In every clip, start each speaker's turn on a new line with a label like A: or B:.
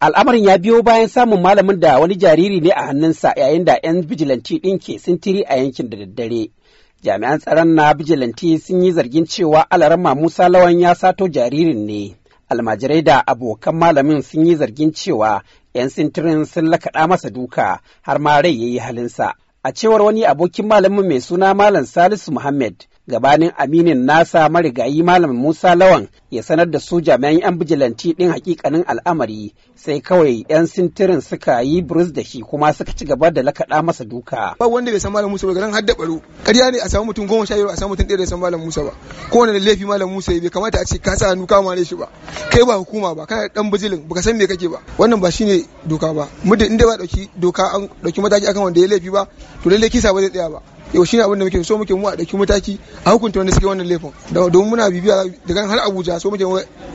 A: Al'amarin ya biyo bayan samun malamin da wani jariri ne a hannunsa yayin da 'yan bijilanti ɗin ke sintiri a yankin da daddare. Jami'an tsaron na bijilanti sun yi zargin cewa alarama Musa Lawan ya sato jaririn ne. Almajirai da abokan malamin sun yi zargin cewa 'yan sintirin sun lakaɗa masa duka har ma rai ya yi halinsa. A cewar wani abokin malamin mai suna Malam Salisu Muhammad, gabanin aminin nasa marigayi malam musa lawan ya sanar da su jami'an 'yan bijilanti din hakikanin al'amari sai kawai 'yan sintirin suka yi burus da shi kuma suka ci gaba da lakaɗa masa duka
B: ba wanda bai san malam musa ba garin hadda baro ƙarya ne a samu mutum goma sha biyar a samu mutum ɗaya da san malam musa ba kowane da laifi malam musa bai kamata a ce ka sa hannu kama ne shi ba kai ba hukuma ba kana dan bijilin baka san me kake ba wannan ba shine doka ba muddin inda ba dauki doka an dauki mataki akan wanda ya laifi ba to lallai kisa ba zai tsaya ba yau shi abin da muke so muke mu a ɗauki mataki a hukunta wanda suke wannan laifin domin muna bibiya daga har abuja so muke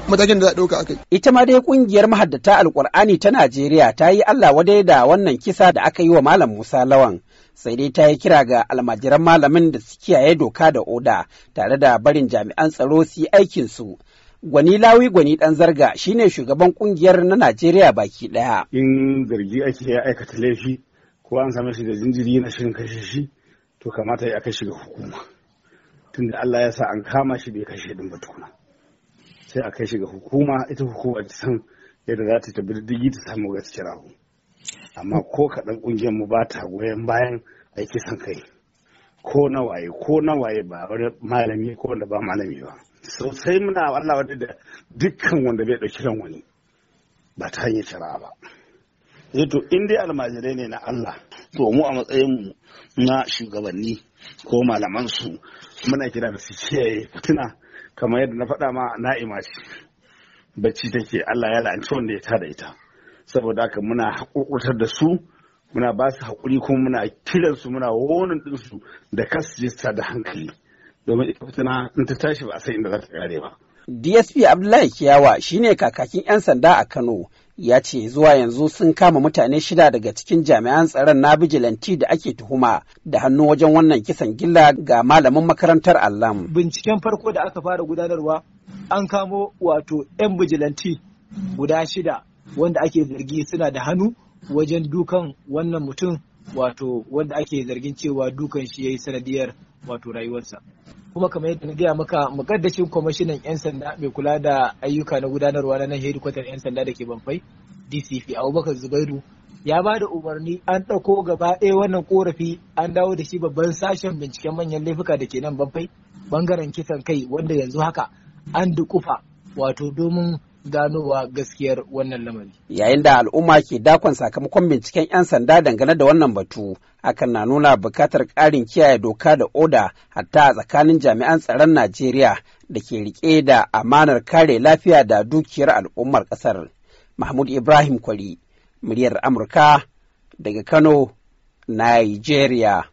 B: matakin da za a ɗauka akai. ita ma dai kungiyar mahaddata alkur'ani
A: ta najeriya ta yi allah wadai da wannan kisa da aka yi wa malam musa lawan sai dai ta yi kira ga almajiran malamin da su kiyaye doka da oda tare da barin jami'an tsaro su yi su Gwani Lawi Gwani Dan Zarga shine shugaban kungiyar na Najeriya
C: baki daya. In zargi ake aikata laifi ko an same shi da jinjiri na shirin kashe shi to kamata ya kai shi ga hukuma tunda Allah ya sa an kama shi bai kashe din ba tukuna sai a kai shi ga hukuma ita hukuma ta san yadda za ta da diddigi ta samu gaskiya amma ko kaɗan ƙungiyar mu ba ta goyon bayan aiki san kai ko nawaye ko nawaye ba wani malami ko wanda ba malami ba sosai muna Allah wadda da dukkan wanda bai ɗauki ran wani ba ta hanyar shara ba. Yato eh in almajirai ne na Allah to mu a matsayin na shugabanni ko malaman su muna kira da su kiyaye fitina kamar yadda na faɗa ma na'ima ce bacci take Allah ya la'anci wanda ya tada ita saboda haka muna hakurkurtar da su muna ba su haƙuri kuma muna kiran su muna wonin ɗinsu da kasu da hankali domin ita fitina in ta tashi ba a san inda za ta kare ba
A: DSP Abdullahi Kiyawa shine kakakin 'yan sanda a Kano ya ce zuwa yanzu sun kama mutane shida daga cikin jami'an tsaron na bijilanti da ake tuhuma da hannu wajen wannan kisan gilla ga malamin makarantar Allam.
D: Binciken farko da aka fara gudanarwa an kamo wato 'yan bijilanti guda shida wanda ake zargi suna da hannu wajen dukan wannan mutum wato wanda ake zargin cewa dukan shi ya yi sanadiyar wato rayuwarsa. kuma kamar yadda na gaya maka mukaddashin kwamishinan 'yan sanda mai kula da ayyuka na gudanarwa na nan hedikwatar 'yan sanda da ke banfai dcp abubakar zubairu ya ba da umarni an ɗauko gaba ɗaya wannan korafi an dawo da shi babban sashen binciken manyan laifuka da ke nan banfai bangaren kisan kai wanda yanzu haka an dukufa wato domin ganowa gaskiyar wannan lamari.
A: Yayin da al'umma ke dakon sakamakon binciken 'yan sanda dangane da wannan batu, hakan na nuna bukatar ƙarin kiyaye doka da oda hatta a tsakanin jami'an tsaron Najeriya da ke rike da amanar kare lafiya da dukiyar al'ummar ƙasar. Mahmud Ibrahim
D: Kwari, muryar Amurka daga Kano, Nigeria.